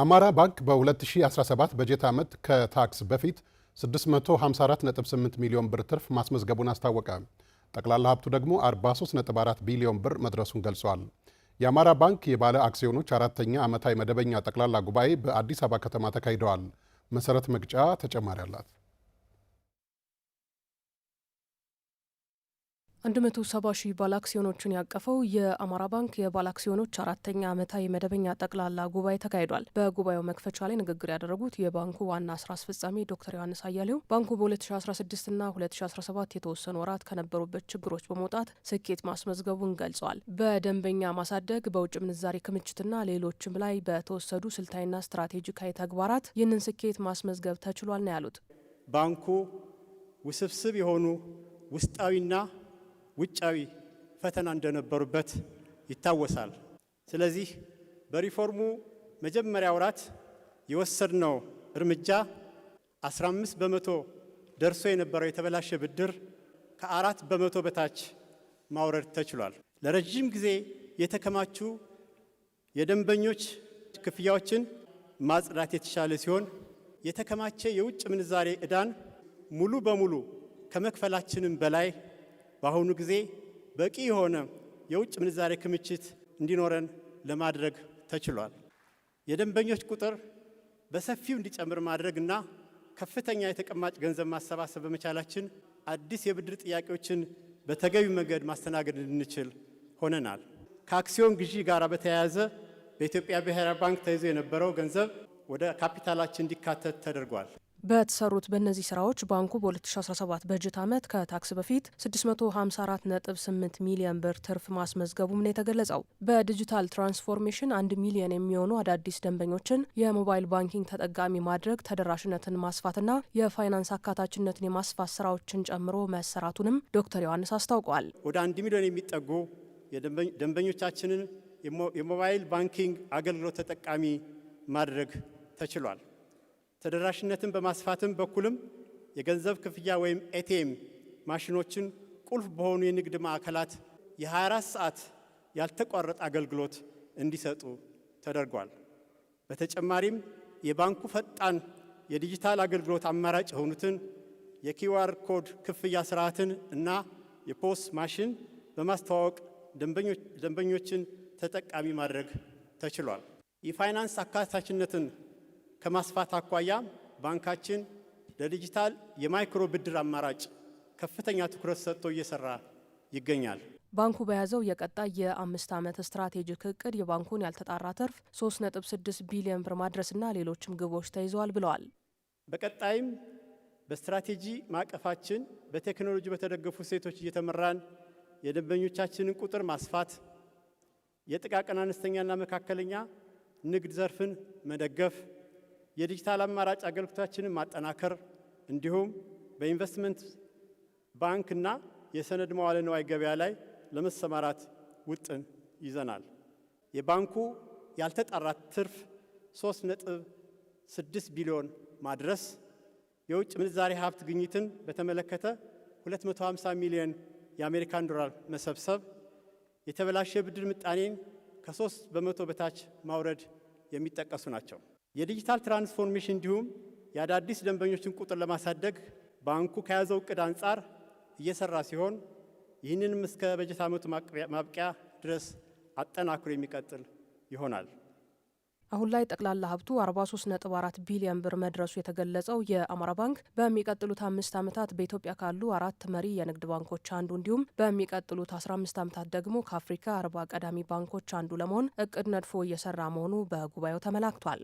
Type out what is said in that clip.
አማራ ባንክ በ2017 በጀት ዓመት ከታክስ በፊት 654.8 ሚሊዮን ብር ትርፍ ማስመዝገቡን አስታወቀ። ጠቅላላ ሀብቱ ደግሞ 43.4 ቢሊዮን ብር መድረሱን ገልጿል። የአማራ ባንክ የባለ አክሲዮኖች አራተኛ ዓመታዊ መደበኛ ጠቅላላ ጉባኤ በአዲስ አበባ ከተማ ተካሂደዋል። መሰረት መግጫ ተጨማሪ አላት። 170 ሺህ ባለ አክሲዮኖችን ያቀፈው የአማራ ባንክ የባለ አክሲዮኖች አራተኛ ዓመታዊ መደበኛ ጠቅላላ ጉባኤ ተካሂዷል። በጉባኤው መክፈቻ ላይ ንግግር ያደረጉት የባንኩ ዋና ስራ አስፈጻሚ ዶክተር ዮሐንስ አያሌው ባንኩ በ2016 ና 2017 የተወሰኑ ወራት ከነበሩበት ችግሮች በመውጣት ስኬት ማስመዝገቡን ገልጸዋል። በደንበኛ ማሳደግ፣ በውጭ ምንዛሬ ክምችትና ሌሎችም ላይ በተወሰዱ ስልታዊና ስትራቴጂካዊ ተግባራት ይህንን ስኬት ማስመዝገብ ተችሏል ነው ያሉት። ባንኩ ውስብስብ የሆኑ ውስጣዊና ውጫዊ ፈተና እንደነበሩበት ይታወሳል። ስለዚህ በሪፎርሙ መጀመሪያ ወራት የወሰድነው እርምጃ 15 በመቶ ደርሶ የነበረው የተበላሸ ብድር ከአራት በመቶ በታች ማውረድ ተችሏል። ለረዥም ጊዜ የተከማቹ የደንበኞች ክፍያዎችን ማጽዳት የተቻለ ሲሆን የተከማቸ የውጭ ምንዛሬ ዕዳን ሙሉ በሙሉ ከመክፈላችንም በላይ በአሁኑ ጊዜ በቂ የሆነ የውጭ ምንዛሬ ክምችት እንዲኖረን ለማድረግ ተችሏል። የደንበኞች ቁጥር በሰፊው እንዲጨምር ማድረግና ከፍተኛ የተቀማጭ ገንዘብ ማሰባሰብ በመቻላችን አዲስ የብድር ጥያቄዎችን በተገቢ መንገድ ማስተናገድ እንድንችል ሆነናል። ከአክሲዮን ግዢ ጋር በተያያዘ በኢትዮጵያ ብሔራዊ ባንክ ተይዞ የነበረው ገንዘብ ወደ ካፒታላችን እንዲካተት ተደርጓል። በተሰሩት በእነዚህ ስራዎች ባንኩ በ2017 በጀት ዓመት ከታክስ በፊት 654.8 ሚሊዮን ብር ትርፍ ማስመዝገቡም ነው የተገለጸው። በዲጂታል ትራንስፎርሜሽን አንድ ሚሊዮን የሚሆኑ አዳዲስ ደንበኞችን የሞባይል ባንኪንግ ተጠቃሚ ማድረግ፣ ተደራሽነትን ማስፋትና የፋይናንስ አካታችነትን የማስፋት ስራዎችን ጨምሮ መሰራቱንም ዶክተር ዮሐንስ አስታውቀዋል። ወደ አንድ ሚሊዮን የሚጠጉ ደንበኞቻችንን የሞባይል ባንኪንግ አገልግሎት ተጠቃሚ ማድረግ ተችሏል። ተደራሽነትን በማስፋትም በኩልም የገንዘብ ክፍያ ወይም ኤቲኤም ማሽኖችን ቁልፍ በሆኑ የንግድ ማዕከላት የ24 ሰዓት ያልተቋረጠ አገልግሎት እንዲሰጡ ተደርጓል። በተጨማሪም የባንኩ ፈጣን የዲጂታል አገልግሎት አማራጭ የሆኑትን የኪዋር ኮድ ክፍያ ስርዓትን እና የፖስ ማሽን በማስተዋወቅ ደንበኞችን ተጠቃሚ ማድረግ ተችሏል። የፋይናንስ አካታችነትን ከማስፋት አኳያ ባንካችን ለዲጂታል የማይክሮ ብድር አማራጭ ከፍተኛ ትኩረት ሰጥቶ እየሰራ ይገኛል። ባንኩ በያዘው የቀጣይ የአምስት ዓመት ስትራቴጂክ እቅድ የባንኩን ያልተጣራ ትርፍ 3.6 ቢሊዮን ብር ማድረስና ሌሎችም ግቦች ተይዘዋል ብለዋል። በቀጣይም በስትራቴጂ ማዕቀፋችን በቴክኖሎጂ በተደገፉ ሴቶች እየተመራን የደንበኞቻችንን ቁጥር ማስፋት፣ የጥቃቅን አነስተኛና መካከለኛ ንግድ ዘርፍን መደገፍ የዲጂታል አማራጭ አገልግሎታችንን ማጠናከር እንዲሁም በኢንቨስትመንት ባንክና የሰነድ መዋለ ንዋይ ገበያ ላይ ለመሰማራት ውጥን ይዘናል። የባንኩ ያልተጣራ ትርፍ 3.6 ቢሊዮን ማድረስ፣ የውጭ ምንዛሬ ሀብት ግኝትን በተመለከተ 250 ሚሊዮን የአሜሪካን ዶላር መሰብሰብ፣ የተበላሸ ብድር ምጣኔን ከ3 በመቶ በታች ማውረድ የሚጠቀሱ ናቸው። የዲጂታል ትራንስፎርሜሽን እንዲሁም የአዳዲስ ደንበኞችን ቁጥር ለማሳደግ ባንኩ ከያዘው እቅድ አንጻር እየሰራ ሲሆን ይህንንም እስከ በጀት ዓመቱ ማብቂያ ድረስ አጠናክሮ የሚቀጥል ይሆናል። አሁን ላይ ጠቅላላ ሀብቱ 43.4 ቢሊዮን ብር መድረሱ የተገለጸው የአማራ ባንክ በሚቀጥሉት አምስት ዓመታት በኢትዮጵያ ካሉ አራት መሪ የንግድ ባንኮች አንዱ እንዲሁም በሚቀጥሉት 15 ዓመታት ደግሞ ከአፍሪካ አርባ ቀዳሚ ባንኮች አንዱ ለመሆን እቅድ ነድፎ እየሰራ መሆኑ በጉባኤው ተመላክቷል።